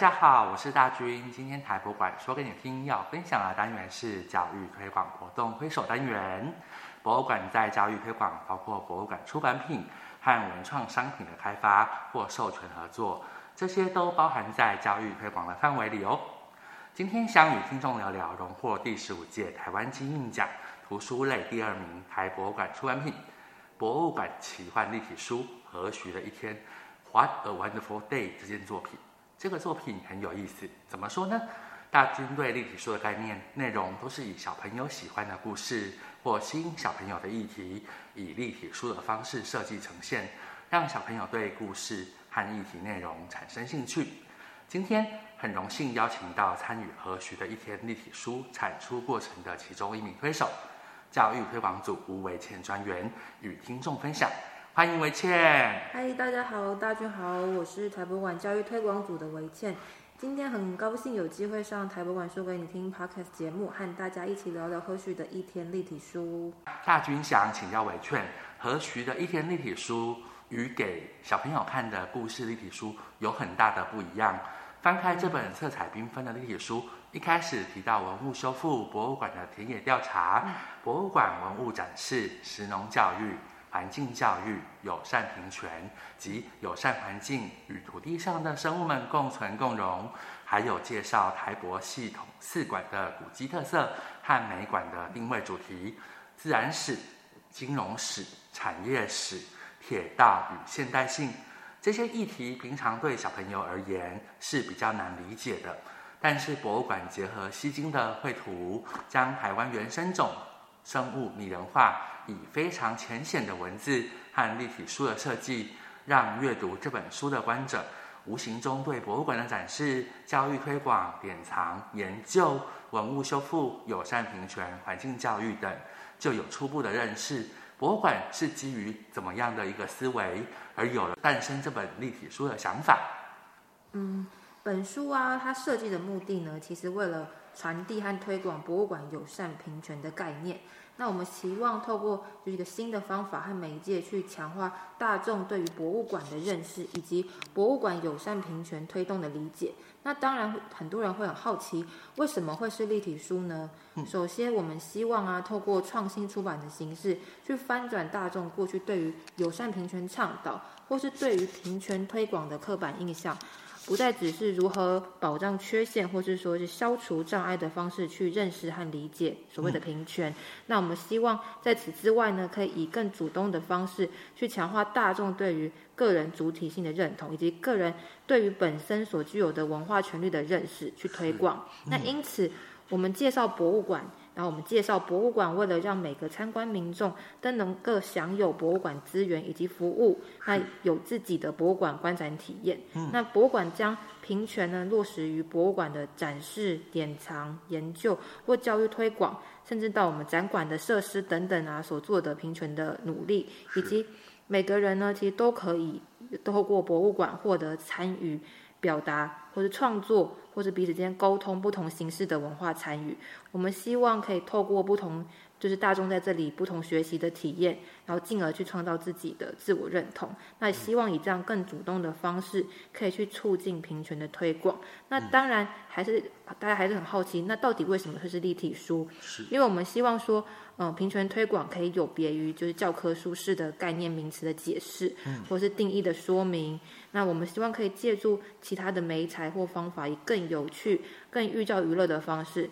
大家好，我是大鈞。今天台博館說給你聽要分享的單元是教育推廣活動推手單元。博物館在教育推廣，包括博物館出版品和文創商品的開發或授權合作，這些都包含在教育推廣的範圍裡哦。今天想與聽眾聊聊榮獲第十五屆台灣金印獎圖書類第二名台博物館出版品《博物館奇幻立體書和煦的一天 What a wonderful day》這件作品。這個作品很有意思，怎麼說呢？大鈞對立體書的概念內容都是以小朋友喜歡的故事或吸引小朋友的議題，以立體書的方式設計呈現，讓小朋友對故事和議題內容產生興趣。今天很榮幸邀請到參與《和煦的一天》立體書產出過程的其中一名推手——教育推廣組吳維茜專員，與聽眾分享。歡迎維茜嗨，Hi, 大家好，大鈞好，我是台博館教育推廣組的維茜今天很高興有機會上台博館說給你聽 Podcast 節目，和大家一起聊聊和煦的一天立體書。大鈞想請教維茜，和煦的一天立體書與給小朋友看的故事立體書有很大的不一樣。翻開這本色彩繽紛的立體書，嗯、一開始提到文物修復、博物館的田野調查、博物館文物展示、食農教育。環境教育、友善平權及友善環境與土地上的生物們共存共榮，還有介紹台博系統四館的古蹟特色和每館的定位主題，自然史、金融史、產業史、鐵道與現代性。這些議題平常對小朋友而言是比較難理解的，但是博物館結合吸睛的繪圖，將台灣原生種。生物擬人化，以非常淺顯的文字和立體書的設計，讓閱讀這本書的觀者，無形中對博物館的展示、教育推廣、典藏、研究、文物修復、友善平權、環境教育等，就有初步的認識。博物館是基於怎麼樣的一個思維，而有了誕生這本立體書的想法？嗯，本書啊，它設計的目的呢，其實為了。傳遞和推廣博物館友善平權的概念。那我們希望透過就是一個新的方法和媒介，去強化大眾對於博物館的認識，以及博物館友善平權推動的理解。那當然，很多人會很好奇，為什麼會是立體書呢？首先，我們希望啊，透過創新出版的形式，去翻轉大眾過去對於友善平權倡導，或是對於平權推廣的刻板印象。不再只是如何保障缺陷，或是說是消除障礙的方式去認識和理解所謂的平權。嗯、那我們希望在此之外呢，可以以更主動的方式去強化大眾對於個人主體性的認同，以及個人對於本身所具有的文化權利的認識，去推廣。嗯、那因此，我們介紹博物館。然後我們介紹博物館，為了讓每個參觀民眾都能夠享有博物館資源以及服務，是那有自己的博物館觀展體驗。嗯、那博物館將平權呢落實於博物館的展示、典藏、研究或教育推廣，甚至到我們展館的設施等等啊所做的平權的努力，是以及每個人呢其實都可以透過博物館獲得參與表達，或者創作，或者彼此間溝通，不同形式的文化參與，我們希望可以透過不同。就是大眾在這裡不同學習的體驗，然後進而去創造自己的自我認同。那希望以這樣更主動的方式，可以去促進平權的推廣。那當然，還是、嗯、大家還是很好奇，那到底為什麼會是立體書？是，因為我們希望說，嗯、呃，平權推廣可以有別於就是教科書式的概念名詞的解釋，嗯、或是定義的說明。那我們希望可以借助其他的媒材或方法，以更有趣、更寓教於樂的方式。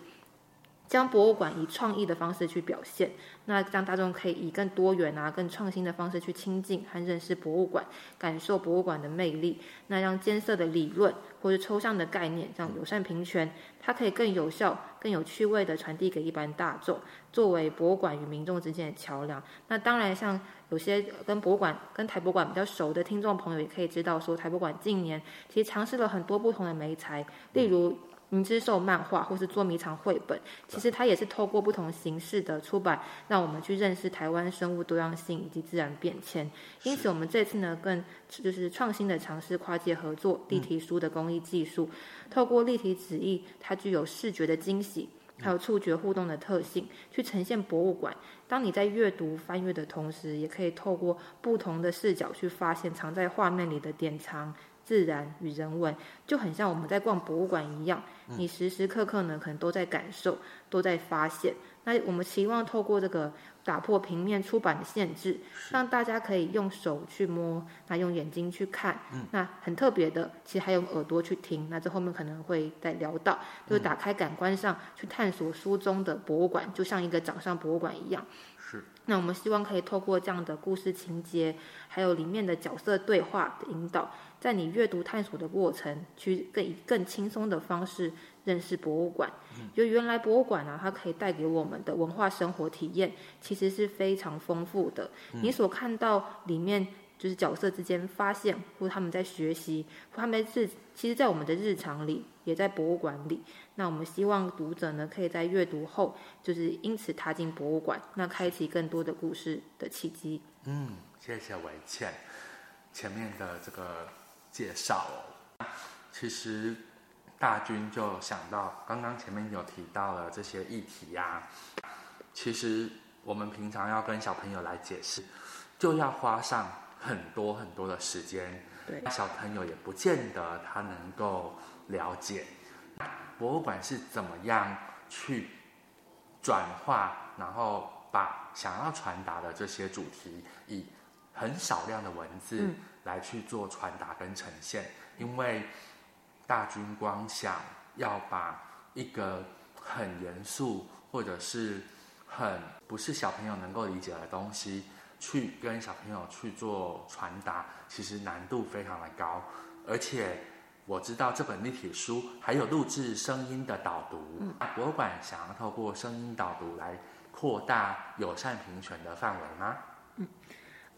將博物館以創意的方式去表現，那讓大眾可以以更多元啊、更創新的方式去親近和認識博物館，感受博物館的魅力。那讓艱澀的理論或是抽象的概念，這樣友善平權，它可以更有效、更有趣味地傳遞給一般大眾，作為博物館與民眾之間的橋梁。那當然，像有些跟博物館、跟台博物館比較熟的聽眾朋友，也可以知道說，台博物館近年其實嘗試了很多不同的媒材，例如，林之獸漫畫或是捉迷藏繪本，其實它也是透過不同形式的出版，讓我們去認識台灣生物多樣性以及自然變遷。是因此，我們這次呢，更就是創新的嘗試跨界合作立體書的工藝技術，嗯、透過立體紙藝，它具有視覺的驚喜，還有觸覺互動的特性，嗯、去呈現博物館。當你在閱讀翻閱的同時，也可以透過不同的視角去發現藏在畫面裡的典藏。自然與人文，就很像我們在逛博物館一樣，你時時刻刻呢可能都在感受，都在發現。那我們希望透過這個打破平面出版的限制，讓大家可以用手去摸，那用眼睛去看，那很特別的，其實還有耳朵去聽。那這後面可能會再聊到，就是打開感官上去探索書中的博物館，就像一個掌上博物館一樣。是。那我們希望可以透過這樣的故事情節，還有裡面的角色對話的引導。在你閱讀探索的過程，去更以更輕鬆的方式認識博物館。嗯、就原來博物館呢、啊，它可以帶給我們的文化生活體驗，其實是非常豐富的。嗯、你所看到裡面，就是角色之間發現，或他們在學習，或他們日，其實，在我們的日常裡，也在博物館裡。那我們希望讀者呢，可以在閱讀後，就是因此踏進博物館，那開啟更多的故事的契機。嗯，謝謝維茜，前面的這個。介紹哦，其實大鈞就想到，剛剛前面有提到了這些議題呀、啊。其實我們平常要跟小朋友來解釋，就要花上很多很多的時間。對那小朋友也不見得他能夠了解。那博物館是怎麼樣去轉化，然後把想要傳達的這些主題，以很少量的文字。嗯來去做傳達跟呈現，因為大鈞光想要把一個很嚴肅或者是很不是小朋友能夠理解的東西，去跟小朋友去做傳達，其實難度非常的高。而且我知道這本立體書還有錄制聲音的導讀，嗯、博物館想要透過聲音導讀來擴大友善平權的範圍嗎？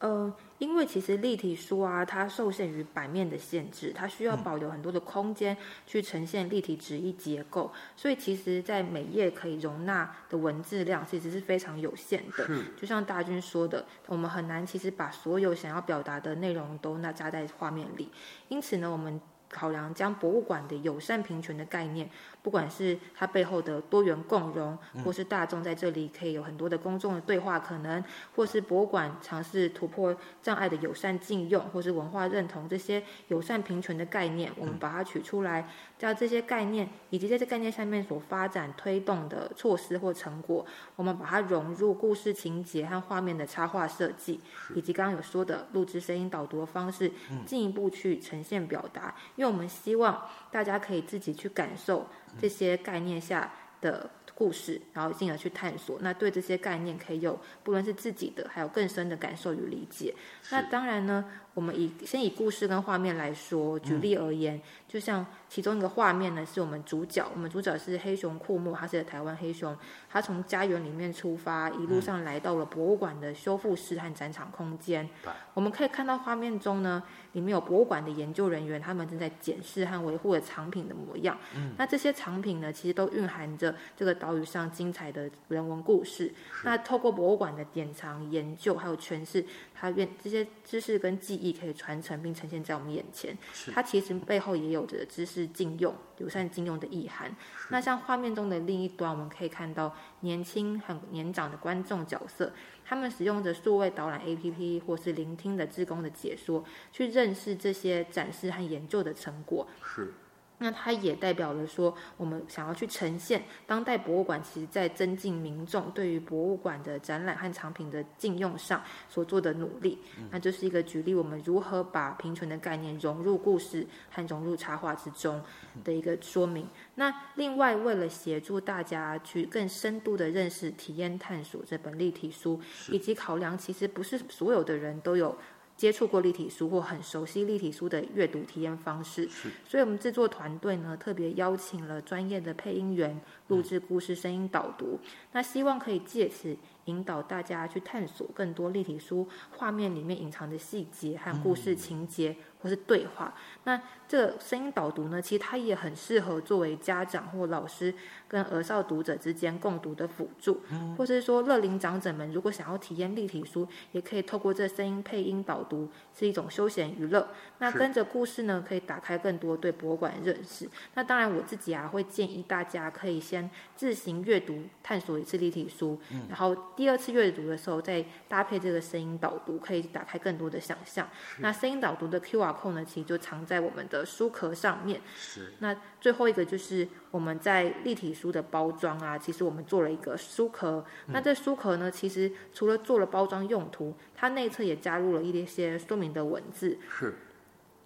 呃，因為其實立體書啊，它受限於版面的限制，它需要保留很多的空間去呈現立體紙藝結構，所以其實，在每頁可以容納的文字量其實是非常有限的。是，就像大鈞說的，我們很難其實把所有想要表達的內容都納加在畫面裡。因此呢，我們考量將博物館的友善平權的概念。不管是它背後的多元共融，或是大眾在這裡可以有很多的公眾的對話可能，或是博物館嘗試突破障礙的友善近用，或是文化認同這些友善平權的概念，我們把它取出來，在這些概念以及在這概念下面所發展推動的措施或成果，我們把它融入故事情節和畫面的插畫設計，以及剛剛有說的錄製聲音導讀的方式，進一步去呈現表達。因為我們希望大家可以自己去感受。這些概念下的故事，嗯、然後進而去探索。那對這些概念，可以有不論是自己的，還有更深的感受與理解。是那當然呢。我們以先以故事跟畫面來說，舉例而言，嗯、就像其中一個畫面呢，是我們主角，我們主角是黑熊庫莫，他是在台灣黑熊，他從家園裡面出發，一路上來到了博物館的修復室和展場空間。嗯、我們可以看到畫面中呢，裡面有博物館的研究人員，他們正在檢視和維護的藏品的模樣。嗯、那這些藏品呢，其實都蘊含着這個島嶼上精彩的人文故事。是那透過博物館的典藏、研究還有詮釋他，他願這些知識跟技。亦可以傳承並呈現在我們眼前，是它其實背後也有着知識近用、友善近用的意涵。是那像畫面中的另一端，我們可以看到年輕、很年長的觀眾角色，他們使用着數位導覽 APP，或是聆聽的志工的解說，去認識這些展示和研究的成果。是。那它也代表了說，我們想要去呈現當代博物館，其實，在增進民眾對於博物館的展覽和藏品的運用上所做的努力。那就是一個舉例，我們如何把平權的概念融入故事和融入插畫之中的一個說明。那另外，為了協助大家去更深度的認識、體驗、探索這本立體書，以及考量，其實不是所有的人都有。接觸過立體書或很熟悉立體書的閱讀體驗方式，是所以我們制作團隊呢，特別邀請了專業的配音員錄製故事聲音導讀。嗯、那希望可以借此引導大家去探索更多立體書畫面裡面隱藏的細節和故事情節。嗯嗯或是對話，那這個聲音導讀呢，其實它也很適合作為家長或老師跟兒少讀者之間共讀的輔助，或是說，樂齡長者們如果想要體驗立體書，也可以透過這聲音配音導讀，是一種休閒娛樂。那跟着故事呢，是可以打開更多對博物館的認識。那當然，我自己啊，會建議大家可以先自行閱讀探索一次立體書，嗯、然後第二次閱讀的時候再搭配這個聲音導讀，可以打開更多的想象。是那聲音導讀的 QR 控呢，其實就藏在我們的書殼上面。是，那最後一個就是我們在立體書的包裝啊，其實我們做了一個書殼。嗯。那這書殼呢，其實除了做了包裝用途，它內側也加入了一些說明的文字。是。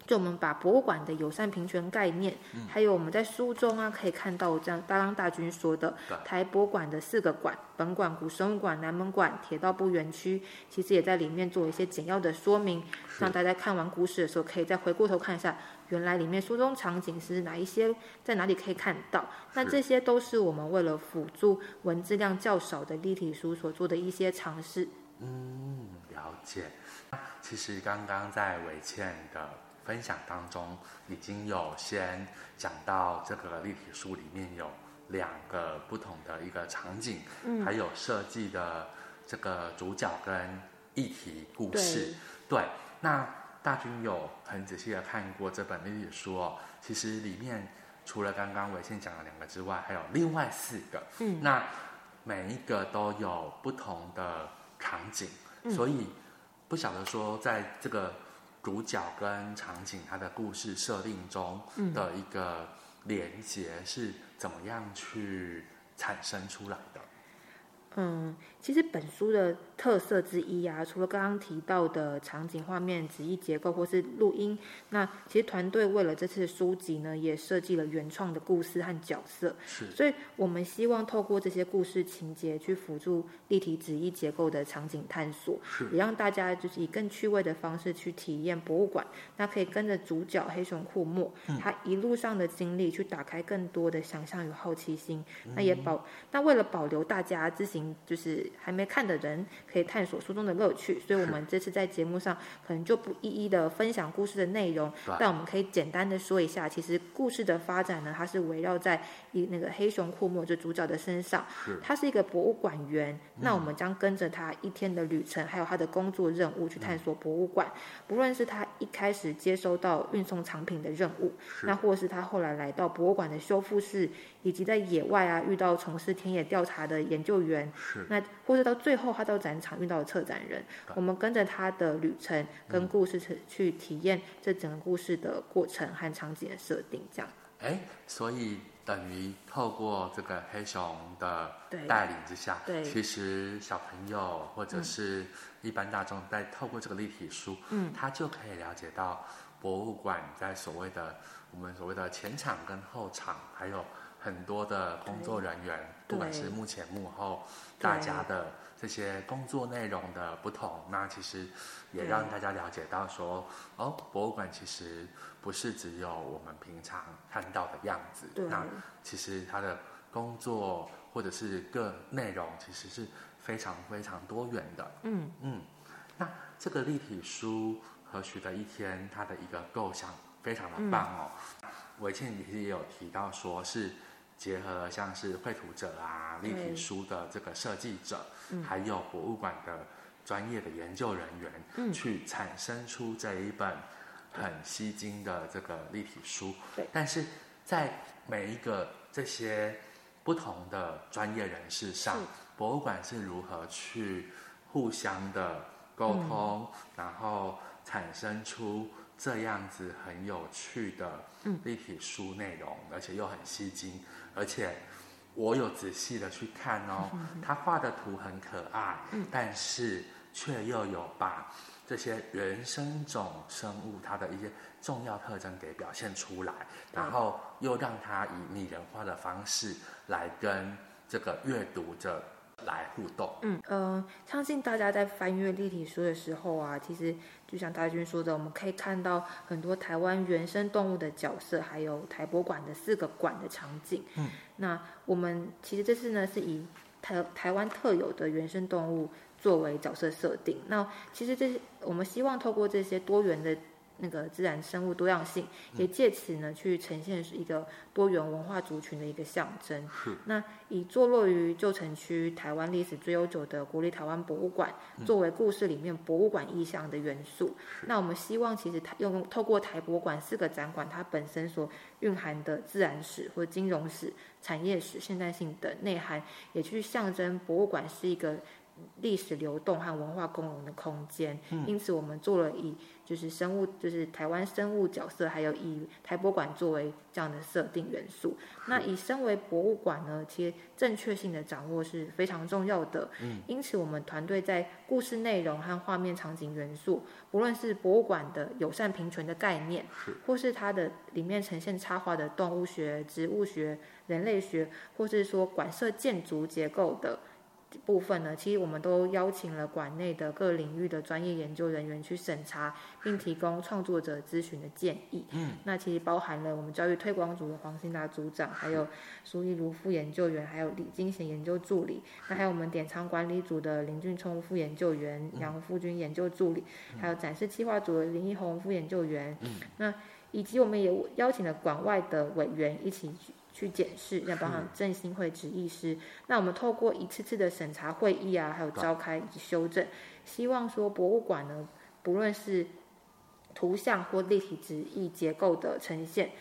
就我們把博物館的友善平權概念，嗯、還有我們在書中啊，可以看到這樣大剛大鈞說的台博物館的四個館：對本館、古生物館、南門館、鐵道部園區，其實也在裡面做一些簡要的說明，是讓大家看完故事的時候，可以再回過頭看一下，原來裡面書中場景是哪一些，在哪裡可以看到。是那這些都是我們為了輔助文字量較少的立體書所做的一些嘗試。嗯，了解。其實剛剛在維茜的。分享當中已經有先講到這個立體書裡面有兩個不同的一個場景，嗯、還有設計的這個主角跟議題故事，對，對。那大鈞有很仔細的看過這本立體書，哦，其實裡面除了剛剛維茜講的兩個之外，還有另外四個，嗯，那每一個都有不同的場景，嗯、所以不曉得說在這個。主角跟場景，它的故事設定中的一個連接是怎麼樣去產生出來的？嗯嗯嗯，其實本書的特色之一啊，除了剛剛提到的場景、畫面、紙藝結構或是錄音，那其實團隊為了這次書籍呢，也設計了原創的故事和角色。是，所以我們希望透過這些故事情節去輔助立體紙藝結構的場景探索，是，也讓大家就是以更趣味的方式去體驗博物館。那可以跟着主角黑熊庫莫，嗯，他一路上的經歷去打開更多的想象與好奇心。嗯，那也保，那為了保留大家自行。就是還沒看的人可以探索書中的樂趣，所以，我們這次在節目上可能就不一一的分享故事的內容，但我們可以簡單的說一下，其實故事的發展呢，它是圍繞在一那個黑熊庫莫就主角的身上，他是一個博物館員，那我們將跟着他一天的旅程，還有他的工作任務去探索博物館，不論是他一開始接收到運送藏品的任務，那或者是他後來來到博物館的修復室，以及在野外啊遇到從事田野調查的研究員。是，那或者到最後，他到展場遇到了策展人，對我們跟着他的旅程跟故事去體驗這整個故事的過程和場景的設定，這樣誒。所以等於透過這個黑熊的帶領之下，對對，其實小朋友或者是一般大眾在透過這個立體書，嗯，他就可以了解到博物館在所謂的我們所謂的前場跟後場，還有。很多的工作人員，對不管是幕前幕後，大家的這些工作內容的不同，那其實也讓大家了解到說對哦，博物館其實不是只有我們平常看到的樣子。對那其實它的工作或者是各內容其實是非常非常多元的。嗯嗯，那這個立體書《和煦的一天》它的一個構想非常的棒哦。維茜、嗯、其實也有提到說是。結合像是繪圖者啊，對立體書的這個設計者，嗯、還有博物館的專業的研究人員，嗯、去產生出這一本很吸睛的這個立體書。對但是在每一個這些不同的專業人士上，是博物館是如何去互相的溝通，嗯、然後產生出這樣子很有趣的立體書內容，嗯、而且又很吸睛。而且，我有仔細的去看哦，他畫的圖很可愛，但是卻又有把這些原生種生物它的一些重要特徵給表現出來，然後又讓他以擬人化的方式來跟這個閱讀者。來互動。嗯嗯，呃，相信大家在翻閱立體書的時候啊，其實就像大鈞說的，我們可以看到很多台灣原生動物的角色，還有台博館的四個館的場景。嗯，那我們其實這次呢，是以台台灣特有的原生動物作為角色設定。那其實這些，我們希望透過這些多元的。那個自然生物多樣性，也借此呢去呈現一個多元文化族群的一個象徵。是那以坐落於舊城區、台灣歷史最悠久的國立台灣博物館作為故事裡面博物館意象的元素。嗯、那我們希望其實台用透過台博館四個展館它本身所蘊含的自然史、或金融史、產業史、現代性的內涵，也去象徵博物館是一個歷史流動和文化共融的空間，嗯、因此我們做了以就是生物，就是台灣生物角色，還有以台博館作為這樣的設定元素。嗯、那以身為博物館呢，其實正確性的掌握是非常重要的。嗯、因此我們團隊在故事內容和畫面場景元素，不論是博物館的友善平權的概念，是或是它的裡面呈現插畫的動物學、植物學、人類學，或是說館舍建築結構的部分呢，其實我們都邀請了館內的各領域的專業研究人員去審查，並提供創作者諮詢的建議。嗯，那其實包含了我們教育推廣組的黃興達組長，還有蘇一如副研究員，還有李金賢研究助理。嗯、那還有我們典藏管理組的林俊聰副研究員、嗯、楊富軍研究助理，還有展示企劃組的林一宏副研究員。嗯，那以及我們也邀請了館外的委員一起。去檢視，再幫上振興會紙藝師。是那我們透過一次次的審查會議啊，還有召開以及修正，對希望說博物館呢，不論是圖像或立體紙藝結構的呈現。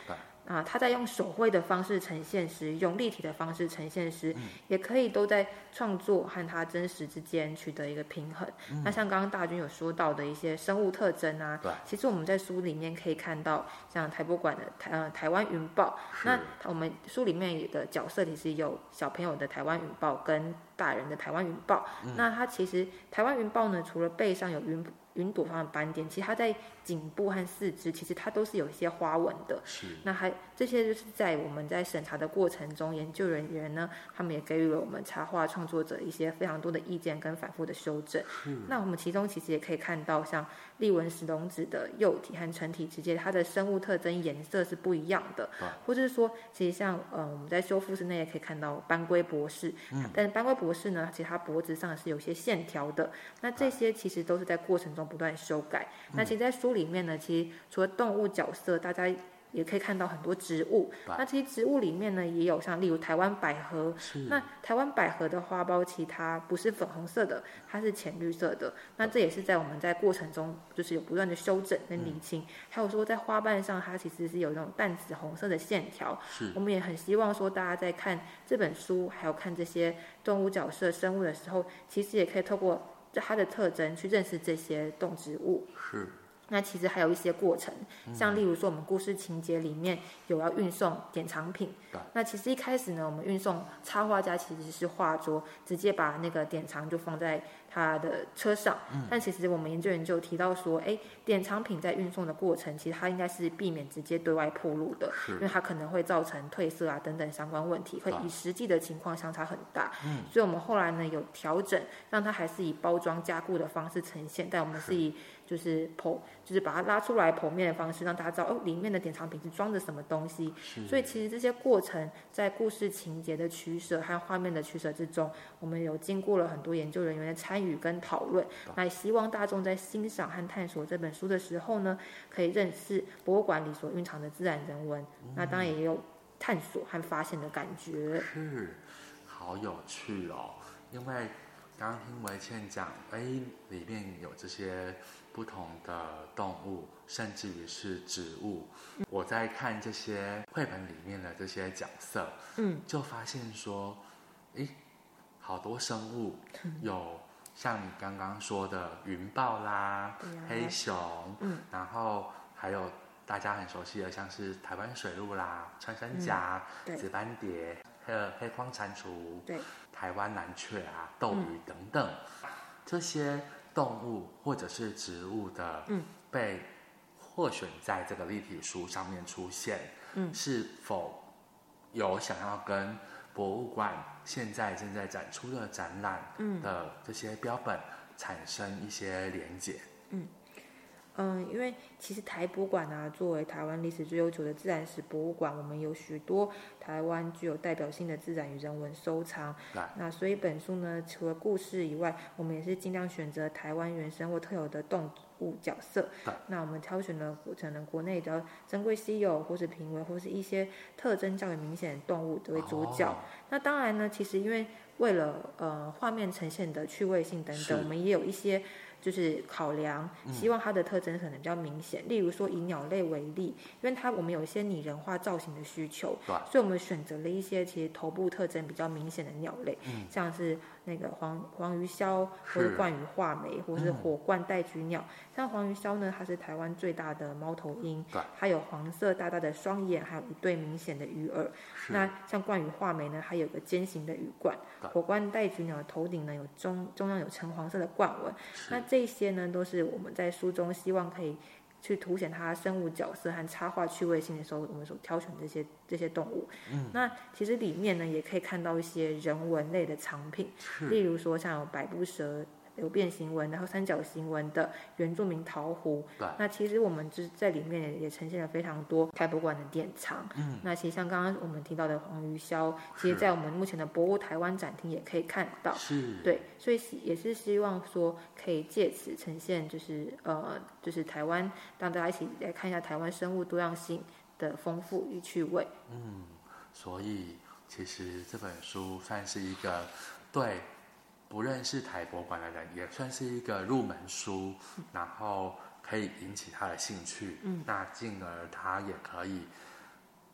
啊，他在用手繪的方式呈現時，用立體的方式呈現時，嗯、也可以都在創作和他真實之間取得一個平衡。嗯、那像剛剛大鈞有說到的一些生物特徵啊，對，其實我們在書裡面可以看到，像台博館的台呃台灣雲豹，是那我們書裡面的角色其實有小朋友的台灣雲豹跟大人的台灣雲豹。嗯、那它其實台灣雲豹呢，除了背上有雲雲朵狀的斑點，其實他它在頸部和四肢其實它都是有一些花紋的，是那還這些就是在我們在審查的過程中，研究人員呢，他們也給予了我們插畫創作者一些非常多的意見跟反覆的修正。嗯是，那我們其中其實也可以看到，像麗紋石龍子的幼體和成體之間，它的生物特徵顏色是不一樣的，啊、或者是說，其實像呃我們在修復室內也可以看到斑龜博士，嗯、但是斑龜博士呢，其實它脖子上是有些線條的。那這些其實都是在過程中不斷修改。嗯、那其實在書。裡面呢，其實除了動物角色，大家也可以看到很多植物。Right. 那其實植物裡面呢，也有像例如台灣百合。是那台灣百合的花苞，其實它不是粉紅色的，它是淺綠色的。那這也是在我們在過程中，就是有不斷的修整跟理清。嗯、還有說，在花瓣上，它其實是有那種淡紫紅色的線條。是我們也很希望說，大家在看這本書，還有看這些動物角色、生物的時候，其實也可以透過它的特徵去認識這些動植物。是。那其實還有一些過程，像例如說我們故事情節裡面有要運送典藏品。嗯、那其實一開始呢，我們運送插畫家其實是畫桌，直接把那個典藏就放在他的車上。嗯。但其實我們研究員就提到說，哎，典藏品在運送的過程，其實它應該是避免直接對外暴露的，是因為它可能會造成褪色啊等等相關問題，會與實際的情況相差很大。嗯。所以我們後來呢有調整，讓它還是以包裝加固的方式呈現，但我們是以是。就是剖，就是把它拉出來剖面的方式，讓大家知道哦，裡面的典藏品是裝着什麼東西。是所以其實這些過程在故事情節的取舍和畫面的取舍之中，我們有經過了很多研究人員的參與跟討論。那對也希望大眾在欣賞和探索這本書的時候呢，可以認識博物館裡所蘊藏的自然人文。嗯、那當然也有探索和發現的感覺。是，好有趣哦！因為剛剛聽維茜講，誒，裡面有這些。不同的動物，甚至於是植物，嗯、我在看這些繪本裡面的這些角色，嗯，就發現說，哎，好多生物，嗯、有像你剛剛說的雲豹啦、嗯、黑熊，嗯、然後還有大家很熟悉的，像是台灣水鹿啦、穿山甲、紫斑蝶，還有黑眶蟾蜍，對，對台灣藍鵲啊、鬥魚等等，嗯、這些。動物或者是植物的，嗯，被獲選在這個立體書上面出現，嗯，是否有想要跟博物館現在正在展出的展覽，嗯的這些標本產生一些連結？嗯，嗯。嗯，因為其實臺博館啊，作為臺灣歷史最悠久的自然史博物館，我們有許多臺灣具有代表性的自然與人文收藏。來那所以本書呢，除了故事以外，我們也是儘量選擇臺灣原生或特有的動物角色。來那我們挑選了可能國內的珍貴稀有，或是瀕危，或是一些特徵較為明顯的動物作為主角。哦、那當然呢，其實因為為了呃畫面呈現的趣味性等等，是我們也有一些。就是考量，希望它的特徵可能比較明顯。嗯、例如說，以鳥類為例，因為它我們有一些擬人化造型的需求，啊、所以我們選擇了一些其實頭部特徵比較明顯的鳥類，嗯、像是。那個黃黃魚鴞，或是冠羽畫眉，是或是火冠戴菊鳥。嗯、像黃魚鴞呢，它是台灣最大的貓頭鷹，對它有黃色大大的雙眼，還有一對明顯的魚耳。是那像冠羽畫眉呢，它有個尖形的羽冠，對火冠戴菊鳥頭頂呢有中中央有橙黃色的冠紋。是那這些呢，都是我們在書中希望可以。去凸顯它生物角色和插畫趣味性的時候，我們所挑選這些這些動物。嗯，那其實裡面呢，也可以看到一些人文類的藏品，例如說像有百步蛇。流變形紋，然後三角形紋的原住民陶壺。對那其實我們就是在裡面也，也呈現了非常多台博館的典藏。嗯，那其實像剛剛我們提到的黃魚鴞，是其實在我們目前的博物台灣展廳也可以看到。是，對，所以也是希望說可以借此呈現，就是呃，就是台灣，讓大家一起來看一下台灣生物多樣性的豐富與趣味。嗯，所以其實這本書算是一個對。不認識台博物館的人也算是一個入門書，嗯、然後可以引起他的興趣，嗯、那進而他也可以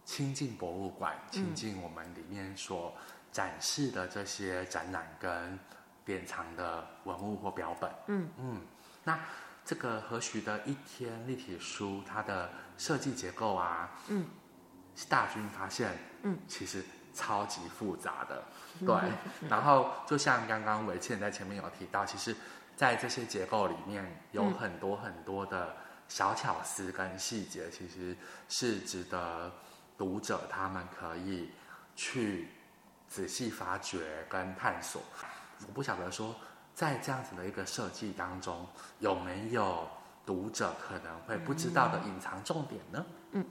親近博物館，嗯、親近我們裡面所展示的這些展覽跟典藏的文物或標本，嗯嗯。那這個和煦的一天立體書，它的設計結構啊，嗯，大鈞發現，嗯，其實。超級複雜的，對。嗯嗯、然後就像剛剛維茜在前面有提到，其實，在這些結構裡面有很多很多的小巧思跟細節，嗯、其實是值得讀者他們可以去仔細發掘跟探索。我不曉得說，在這樣子的一個設計當中，有沒有讀者可能會不知道的隱藏重點呢？嗯，嗯，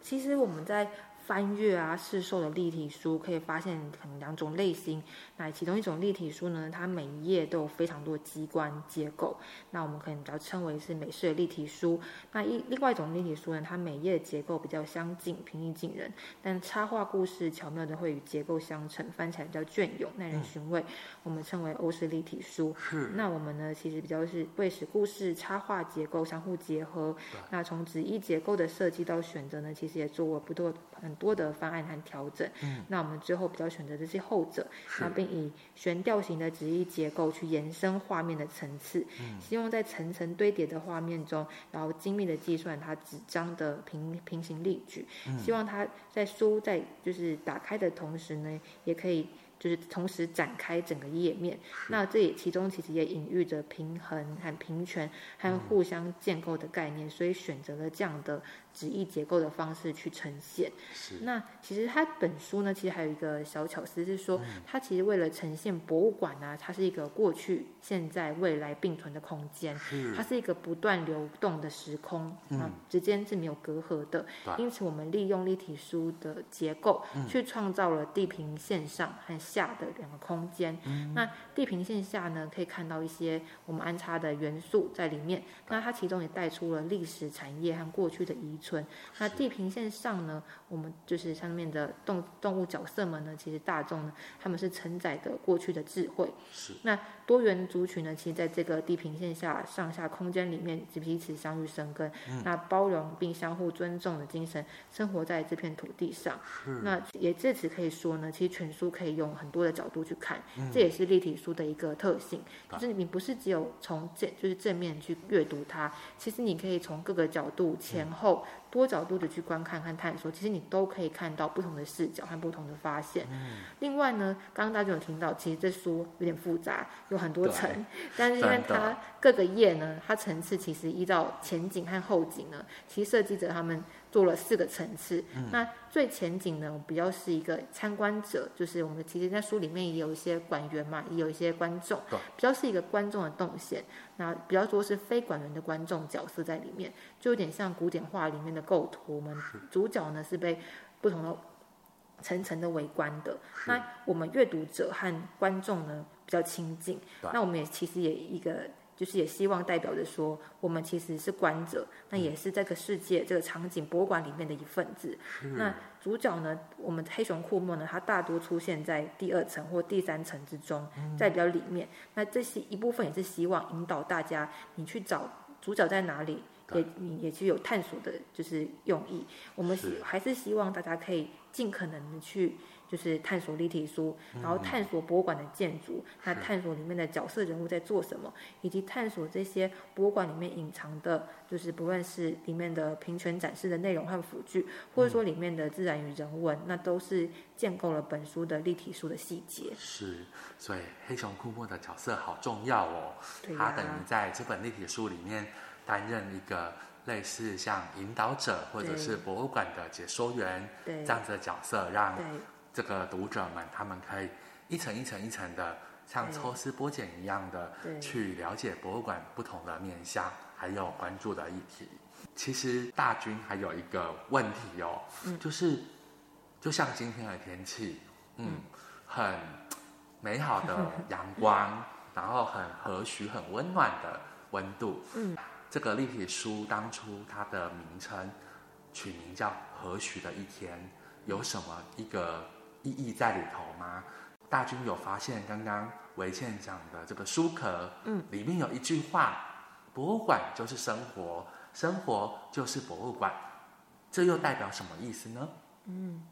其實我們在。翻閱啊市售的立體書，可以發現可能兩種類型。那其中一種立體書呢，它每一頁都有非常多機關結構，那我們可能比較稱為是美式的立體書。那一另外一種立體書呢，它每頁的結構比較相近，平易近人，但插畫故事巧妙的會與結構相稱，翻起來比較隽永，耐人尋味。我們稱為歐式立體書。是那我們呢，其實比較是為使故事插畫結構相互結合。那從紙藝結構的設計到選擇呢，其實也做了不多很。多的方案和調整，嗯、那我們最後比較選擇的是後者，是那並以懸吊型的紙藝結構去延伸畫面的層次，嗯、希望在層層堆疊的畫面中，然後精密的計算它紙張的平平行力矩，嗯、希望它在書在就是打開的同時呢，也可以就是同時展開整個頁面。是那這也其中其實也隱喻着平衡和平權和互相建構的概念，嗯、所以選擇了這樣的。紙藝結構的方式去呈現。是那其實他本書呢，其實還有一個小巧思是說，嗯、它其實為了呈現博物館啊，它是一個過去、現在、未來並存的空間，是它是一個不斷流動的時空，那、嗯、之間是沒有隔閡的。對因此，我們利用立體書的結構、嗯、去創造了地平線上和下的兩個空間。嗯、那地平線下呢，可以看到一些我們安插的元素在裡面。那、嗯、它其中也帶出了歷史產業和過去的遺。存那地平線上呢，是我們就是上面的動動物角色們呢，其實大眾呢，他們是承載著過去的智慧。是那多元族群呢，其實在這個地平線下上下空間裡面彼此相遇生根，嗯、那包容並相互尊重的精神，生活在這片土地上。是那也至此可以說呢，其實全書可以用很多的角度去看，嗯、這也是立體書的一個特性，嗯、就是你不是只有從正就是正面去閱讀它，其實你可以從各個角度前後。嗯多角度的去觀看和探索，其實你都可以看到不同的視角和不同的發現。嗯，另外呢，剛剛大家就有聽到，其實這書有點複雜，有很多層，對但是因為它各個頁呢，的它層次其實依照前景和後景呢，其實設計者他們。做了四個層次，嗯、那最前景呢比較是一個參觀者，就是我們其實，在書裡面也有一些館員嘛，也有一些觀眾，對比較是一個觀眾的動線，那比較說是非館員的觀眾角色在裡面，就有點像古典畫裡面的構圖，我們主角呢是被不同的層層的圍觀的，是那我們閱讀者和觀眾呢比較親近，對那我們也其實也一個。就是也希望代表着說，我們其實是觀者，那也是這個世界，嗯、這個場景博物館裡面的一份子。是那主角呢，我們黑熊庫莫呢，它大多出現在第二層或第三層之中，在比較裡面。嗯、那這些一部分也是希望引導大家，你去找主角在哪裡。也、也具有探索的，就是用意。我們還是希望大家可以盡可能的去，就是探索立體書，然後探索博物館的建築，嗯、那探索裡面的角色人物在做什麼，是以及探索這些博物館裡面隱藏的，就是不論是裡面的平權展示的內容和輔具，或者說裡面的自然與人文，嗯、那都是建構了本書的立體書的細節。是，所以黑熊庫莫的角色好重要哦！對啊，他等於在這本立體書裡面，擔任一個類似像引導者或者是博物館的解說員這樣子的角色，讓這個讀者們他們可以一層一層一層的，像抽絲剝繭一樣的去了解博物館不同的面向，還有關注的議題。其實大軍還有一個問題哦，就是就像今天的天氣，嗯，很美好的陽光，然後很和煦、很溫暖的溫度，嗯。這個立體書當初它的名稱取名叫和煦的一天，有什麼一個意義在裡頭嗎？大鈞有發現剛剛維茜講的這個書殼，裡面有一句話：嗯、博物館就是生活，生活就是博物館，這又代表什麼意思呢？嗯。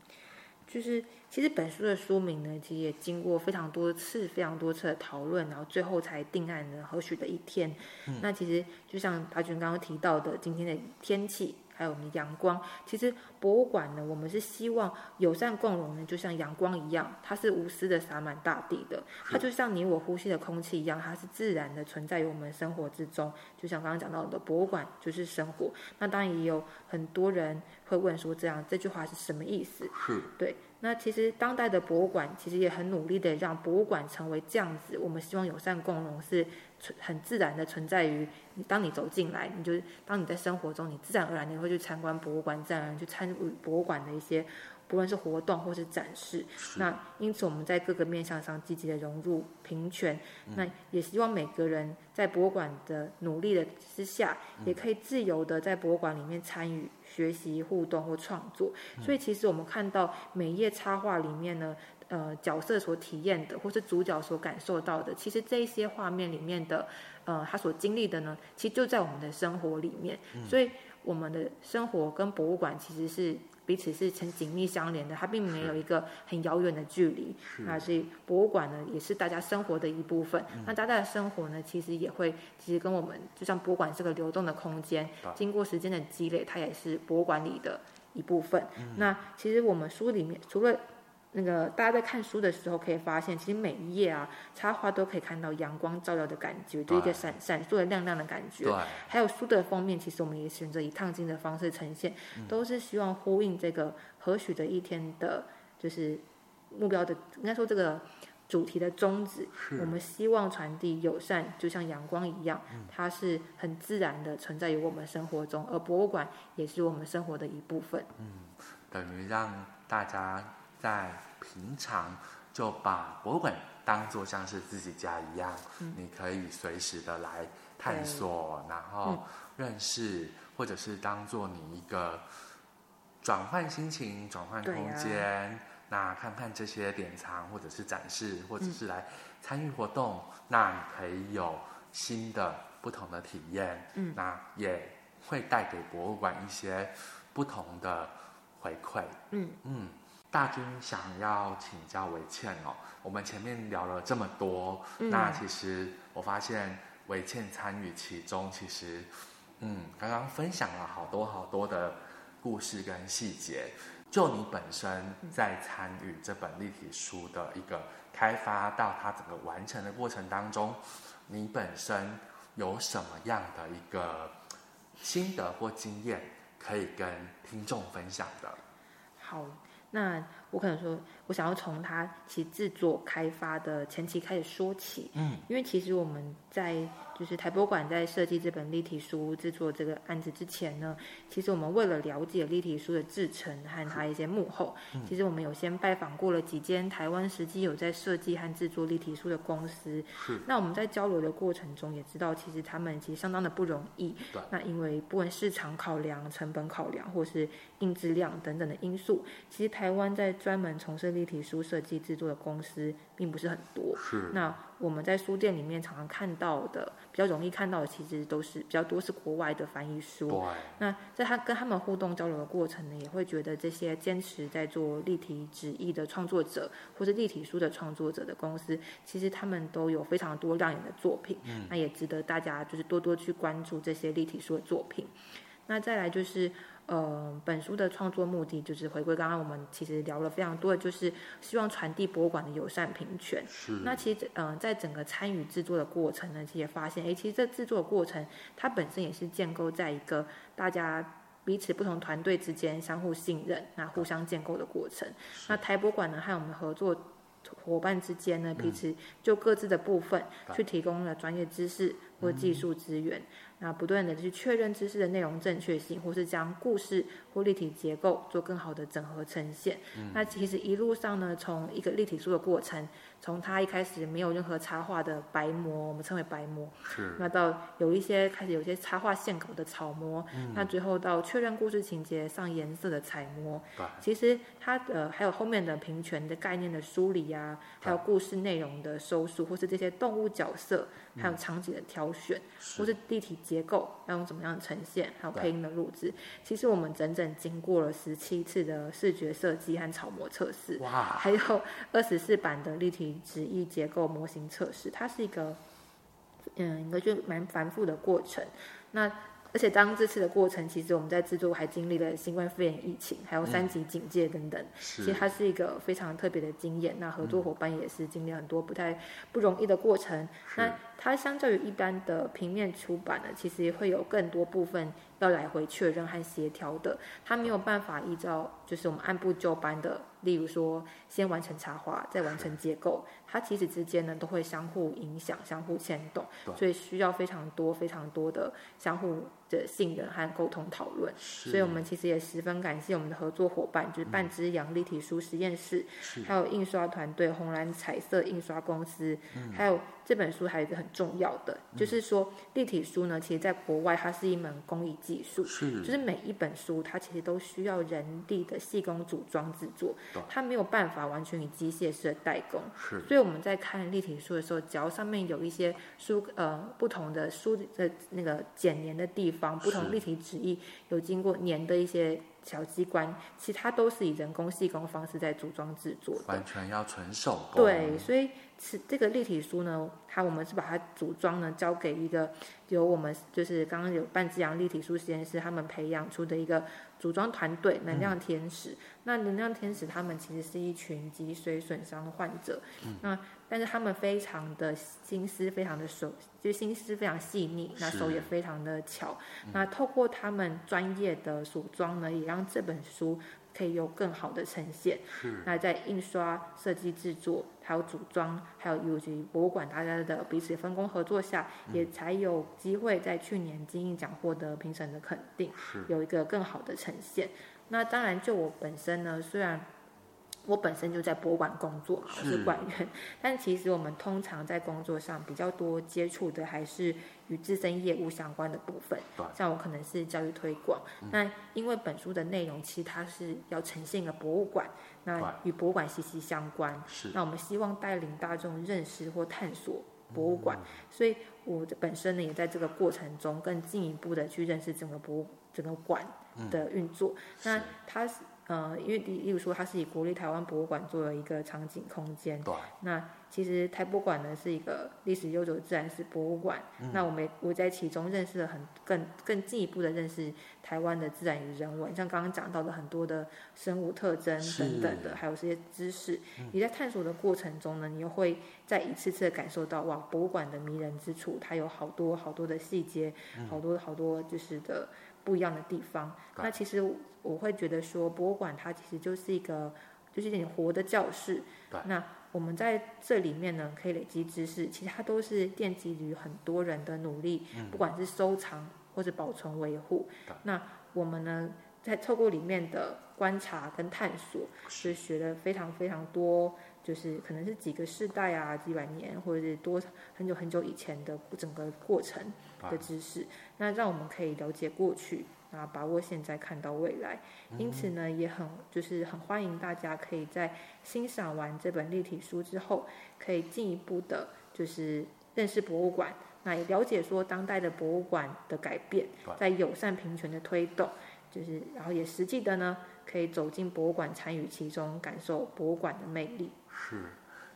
就是，其實本書的書名呢，其實也經過非常多次、非常多次的討論，然後最後才定案了和煦的一天。嗯、那其實就像大鈞剛剛提到的，今天的天氣。還有我們陽光，其實博物館呢，我們是希望友善共融呢，就像陽光一樣，它是無私的灑滿大地的。是它就像你我呼吸的空氣一樣，它是自然的存在於我們生活之中。就像剛剛講到的，博物館就是生活。那當然也有很多人會問說，這樣這句話是什麼意思？是，對。那其實當代的博物館其實也很努力的讓博物館成為這樣子，我們希望友善共融是存很自然的存在於你。當你走進來，你就當你在生活中，你自然而然你會去參觀博物館，自然而然去參與博物館的一些不論是活動或是展示。那因此我們在各個面向上積極的融入平權，那也希望每個人在博物館的努力的之下，也可以自由的在博物館裡面參與。學習、互動或創作，所以其實我們看到每一頁插畫裡面呢，呃，角色所體驗的，或是主角所感受到的，其實這些畫面裡面的，呃，他所經歷的呢，其實就在我們的生活裡面，所以我們的生活跟博物館其實是。彼此是成緊密相連的，它並沒有一個很遙遠的距離。是那所以博物館呢，也是大家生活的一部分。是那大家的生活呢，其實也會其實跟我們，就像博物館這個流動的空間，經過時間的積累，它也是博物館裡的一部分。是那其實我們書裡面除了。那個大家在看書的時候，可以發現，其實每一頁啊，插畫都可以看到陽光照耀的感覺，對就一個閃閃爍的亮亮的感覺。對。還有書的封面，其實我們也選擇以燙金的方式呈現，嗯、都是希望呼應這個何許的一天的，就是目標的，應該說這個主題的宗旨。是我們希望傳遞友善，就像陽光一樣，嗯、它是很自然的存在於我們生活中，而博物館也是我們生活的一部分。嗯，等於讓大家。在平常，就把博物館當做像是自己家一樣，嗯、你可以隨時的來探索，對然後認識，嗯、或者是當做你一個轉換心情、轉換空間。啊、那看看這些典藏，或者是展示，或者是來參與活動，嗯、那你可以有新的、不同的體驗。嗯，那也會帶給博物館一些不同的回饋。嗯嗯。嗯大鈞想要請教維茜哦，我們前面聊了這麼多，嗯啊、那其實我發現維茜參與其中，其實，嗯，剛剛分享了好多好多的故事跟細節。就你本身在參與這本立體書的一個開發到它整個完成的過程當中，你本身有什麼樣的一個心得或經驗可以跟聽眾分享的？好。那。我可能說，我想要從它其制作開發的前期開始說起。嗯，因為其實我們在就是台博館在設計這本立體書制作這個案子之前呢，其實我們為了了解立體書的製程和它一些幕後，其實我們有先拜訪過了幾間台灣實際有在設計和制作立體書的公司。是。那我們在交流的過程中也知道，其實他們其實相當的不容易。對。那因為不管市場考量、成本考量，或是印製量等等的因素，其實台灣在專門從事立體書設計製作的公司並不是很多。是，那我們在書店裡面常常看到的，比較容易看到的，其實都是比較多是國外的翻譯書。對。那在他跟他們互動交流的過程呢，也會覺得這些堅持在做立體紙藝的創作者，或是立體書的創作者的公司，其實他們都有非常多亮眼的作品。嗯。那也值得大家就是多多去關注這些立體書的作品。那再來就是，呃，本書的創作目的就是回歸剛剛我們其實聊了非常多的，就是希望傳遞博物館的友善平權。是那其實，嗯、呃，在整個參與制作的過程呢，其實也發現，誒，其實這制作的過程它本身也是建構在一個大家彼此不同團隊之間相互信任、那互相建構的過程。是那台博物館呢和我們合作夥伴之間呢，彼此就各自的部分去提供了專業知識或技術資源。嗯嗯那不斷的去確認知識的內容正確性，或是將故事或立體結構做更好的整合呈現。嗯、那其實一路上呢，從一個立體書的過程，從它一開始沒有任何插畫的白模，我們稱為白模，是那到有一些開始有些插畫線稿的草模，嗯、那最後到確認故事情節上顏色的彩模。嗯、其實它的、呃、還有後面的平權的概念的梳理啊，嗯、還有故事內容的收束，或是這些動物角色，還有場景的挑選，嗯、或是立體結構要用怎麼樣呈現，還有配音的錄製，Right. 其實我們整整經過了十七次的視覺設計和草模測試，哇，Wow. 還有二十四版的立體紙藝結構模型測試，它是一個，嗯，一個就蠻繁複的過程，那。而且當這次的過程，其實我們在制作還經歷了新冠肺炎疫情，還有三級警戒等等。嗯、其實它是一個非常特別的經驗。那合作夥伴也是經歷很多不太不容易的過程。嗯、那它相較於一般的平面出版呢，其實會有更多部分要來回確認和協調的。它沒有辦法依照就是我們按部就班的，例如說先完成插畫，再完成結構。嗯它其實之間呢都會相互影響、相互牽動，對所以需要非常多、非常多的相互的信任和溝通討論。是所以，我們其實也十分感謝我們的合作夥伴，就是半隻羊立體書實驗室，嗯、還有印刷團隊是紅藍彩色印刷公司，嗯、還有這本書還有一個很重要的，嗯、就是說立體書呢，其實在國外它是一門工藝技術，是就是每一本書它其實都需要人力的細工組裝製作，對它沒有辦法完全以機械式的代工，是所以。我們在看立體書的時候，只要上面有一些書呃、不同的書的那個粘連的地方，不同立體紙藝是有經過粘的一些。小機關，其他都是以人工細工方式在組裝製作的，完全要純手工。對，所以這個立體書呢，它我們是把它組裝呢交給一個由我們就是剛剛有半只羊立體書實驗室他們培養出的一個組裝團隊能量天使。嗯、那能量天使他們其實是一群脊髓損傷患者，嗯、那。但是他們非常的心思，非常的手，就心思非常細膩，那手也非常的巧。嗯、那透過他們專業的組裝呢，也讓這本書可以有更好的呈現。是那在印刷、設計、製作，還有組裝，還有尤其博物館大家的彼此分工合作下，嗯、也才有機會在去年金印獎獲得評審的肯定，是有一個更好的呈現。那當然，就我本身呢，雖然。我本身就在博物館工作，是館員。但其實我們通常在工作上比較多接觸的還是與自身業務相關的部分。對像我可能是教育推廣。嗯、那因為本書的內容，其實它是要呈現一個博物館，那與博物館息息相關。對那我們希望帶領大眾認識或探索博物館，嗯、所以我本身呢，也在這個過程中更進一步的去認識整個博物、整個館的運作。嗯、那它是。呃，因為例如說，它是以國立台灣博物館做了一個場景空間。對那其實台博物館呢是一個歷史悠久的自然史博物館。嗯。那我們我在其中認識了很更更進一步的認識台灣的自然與人文，像剛剛講到的很多的生物特徵等等的，是還有這些知識。嗯。你在探索的過程中呢，你又會再一次次的感受到哇，博物館的迷人之處，它有好多好多的細節，好多好多就是的。嗯。不一樣的地方。對那其實我會覺得說，博物館它其實就是一個，就是一點活的教室。對那我們在這裡面呢，可以累積知識，其實它都是奠基於很多人的努力，嗯、不管是收藏或者保存維護。對那我們呢，在透過裡面的觀察跟探索，就學了非常非常多，就是可能是幾個世代啊，幾百年，或者是多很久很久以前的整個過程。的知識，那讓我們可以了解過去，啊，把握現在，看到未來。因此呢，也很就是很歡迎大家可以在欣賞完這本立體書之後，可以進一步的，就是認識博物館，那也了解說當代的博物館的改變，在友善平權的推動，就是然後也實際的呢，可以走進博物館，參與其中，感受博物館的魅力。是。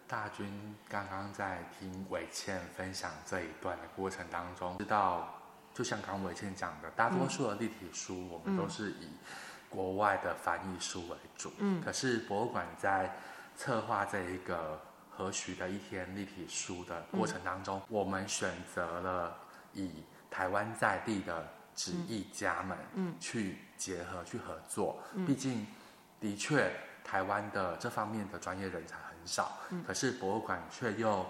大鈞剛剛在聽維茜分享這一段的過程當中，知道，就像剛維茜講的，大多數的立體書、嗯、我們都是以國外的翻譯書為主。嗯、可是博物館在策劃這一個和煦的一天立體書的過程當中，嗯、我們選擇了以台灣在地的紙藝家們，嗯，去結合、嗯、去合作。嗯、畢竟，的確，台灣的這方面的專業人才。少，可是博物館卻又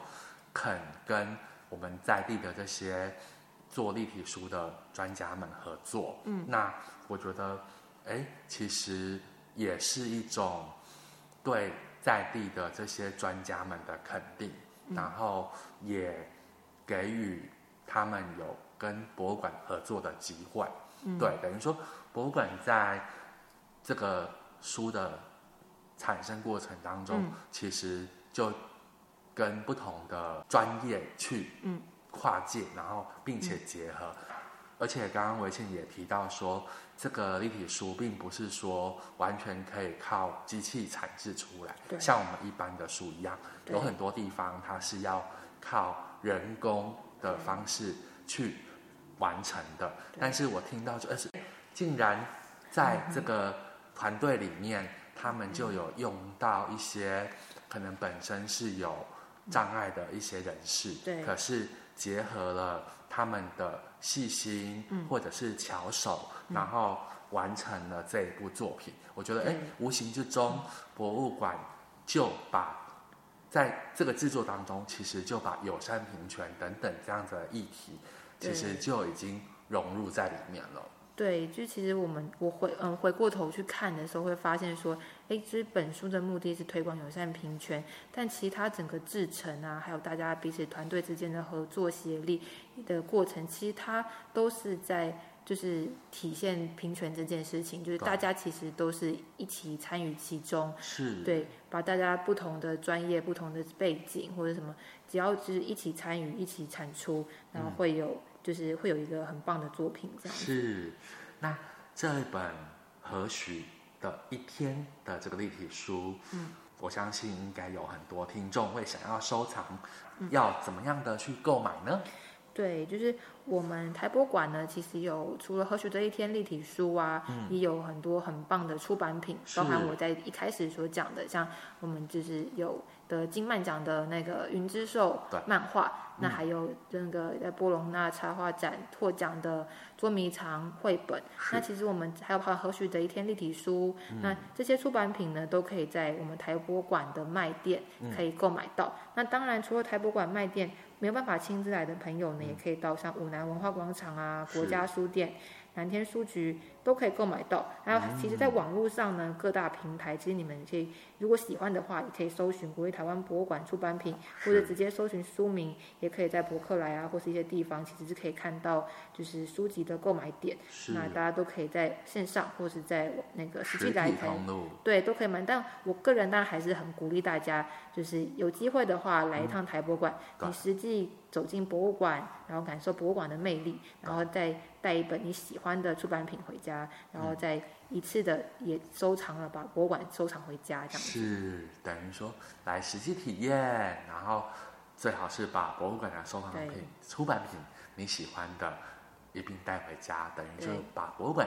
肯跟我們在地的這些做立體書的專家們合作。嗯，那我覺得，哎，其實也是一種對在地的這些專家們的肯定，嗯，然後也給予他們有跟博物館合作的機會。嗯，對，等於說博物館在這個書的。產生過程當中，嗯、其實就跟不同的專業去跨界，嗯、然後並且結合。嗯、而且剛剛維茜也提到說，這個立體書並不是說完全可以靠機器產制出來，對像我們一般的書一樣，對有很多地方它是要靠人工的方式去完成的。對但是我聽到就是，竟然在這個團隊裡面。嗯他們就有用到一些可能本身是有障礙的一些人士，嗯、對，可是結合了他們的細心或者是巧手，嗯、然後完成了這一部作品。我覺得，哎對，無形之中，嗯、博物館就把在這個製作當中，其實就把友善平權等等這樣子的議題，對其實就已經融入在裡面了。對，就其實我們我回嗯回過頭去看的時候，會發現說，哎，其實本書的目的是推廣友善平權，但其實它整個制程啊，還有大家彼此團隊之間的合作協力的過程，其實它都是在就是體現平權這件事情，對就是大家其實都是一起參與其中，是對，把大家不同的專業、不同的背景或者什麼，只要就是一起參與、一起產出，然後會有、嗯。就是會有一個很棒的作品這樣，是。那這本和煦的一天的這個立體書，嗯，我相信應該有很多聽眾會想要收藏，要怎麼樣的去購買呢？嗯對，就是我們臺博館呢，其實有除了和煦的一天立體書啊，嗯、也有很多很棒的出版品，包含我在一開始所講的，是像我們就是有得金漫獎的那個雲之獸漫畫，嗯、那還有那個在波隆那插畫展獲獎的捉迷藏繪本，是那其實我們還有和煦的一天立體書，嗯、那這些出版品呢，都可以在我們臺博館的賣店可以購買到。嗯、那當然，除了臺博館賣店。沒有辦法親自來的朋友呢，嗯、也可以到像五南文化廣場啊，是國家書店。藍天書局都可以購買到，還有其實在網絡上呢，嗯、各大平台其實你們可以，如果喜歡的話，也可以搜尋國立台灣博物館出版品，是或者直接搜尋書名，也可以在博客來啊，或是一些地方，其實是可以看到就是書籍的購買點。是那大家都可以在線上，或是在那個實際來買。是對，都可以買。但我個人當然還是很鼓勵大家，就是有機會的話來一趟台博館，嗯、你實際。走進博物館，然後感受博物館的魅力，然後再帶一本你喜歡的出版品回家，然後再一次的也收藏了把博物館收藏回家這樣。是等於說來實際體驗，然後最好是把博物館的收藏品、對出版品你喜歡的一併帶回家，等於就把博物館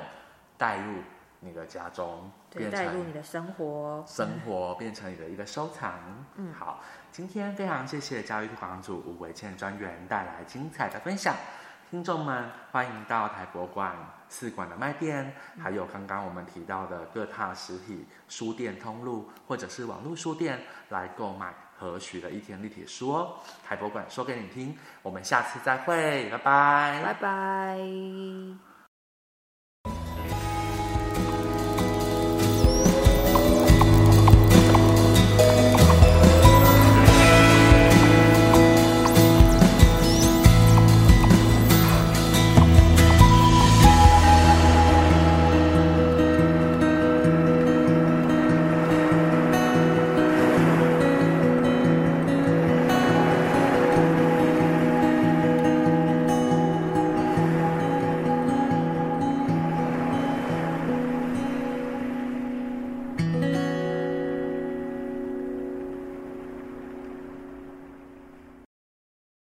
帶入。你的家中變成你的生活，生活變成你的一個收藏。嗯，好，今天非常謝謝教育推廣組吳維茜專員帶來精彩的分享。聽眾們，歡迎到台博館四館的賣店，還有剛剛我們提到的各大實體書店通路，或者是網絡書店來購買和煦的一天立體書哦。台博館說給你聽，我們下次再會，拜拜，拜拜。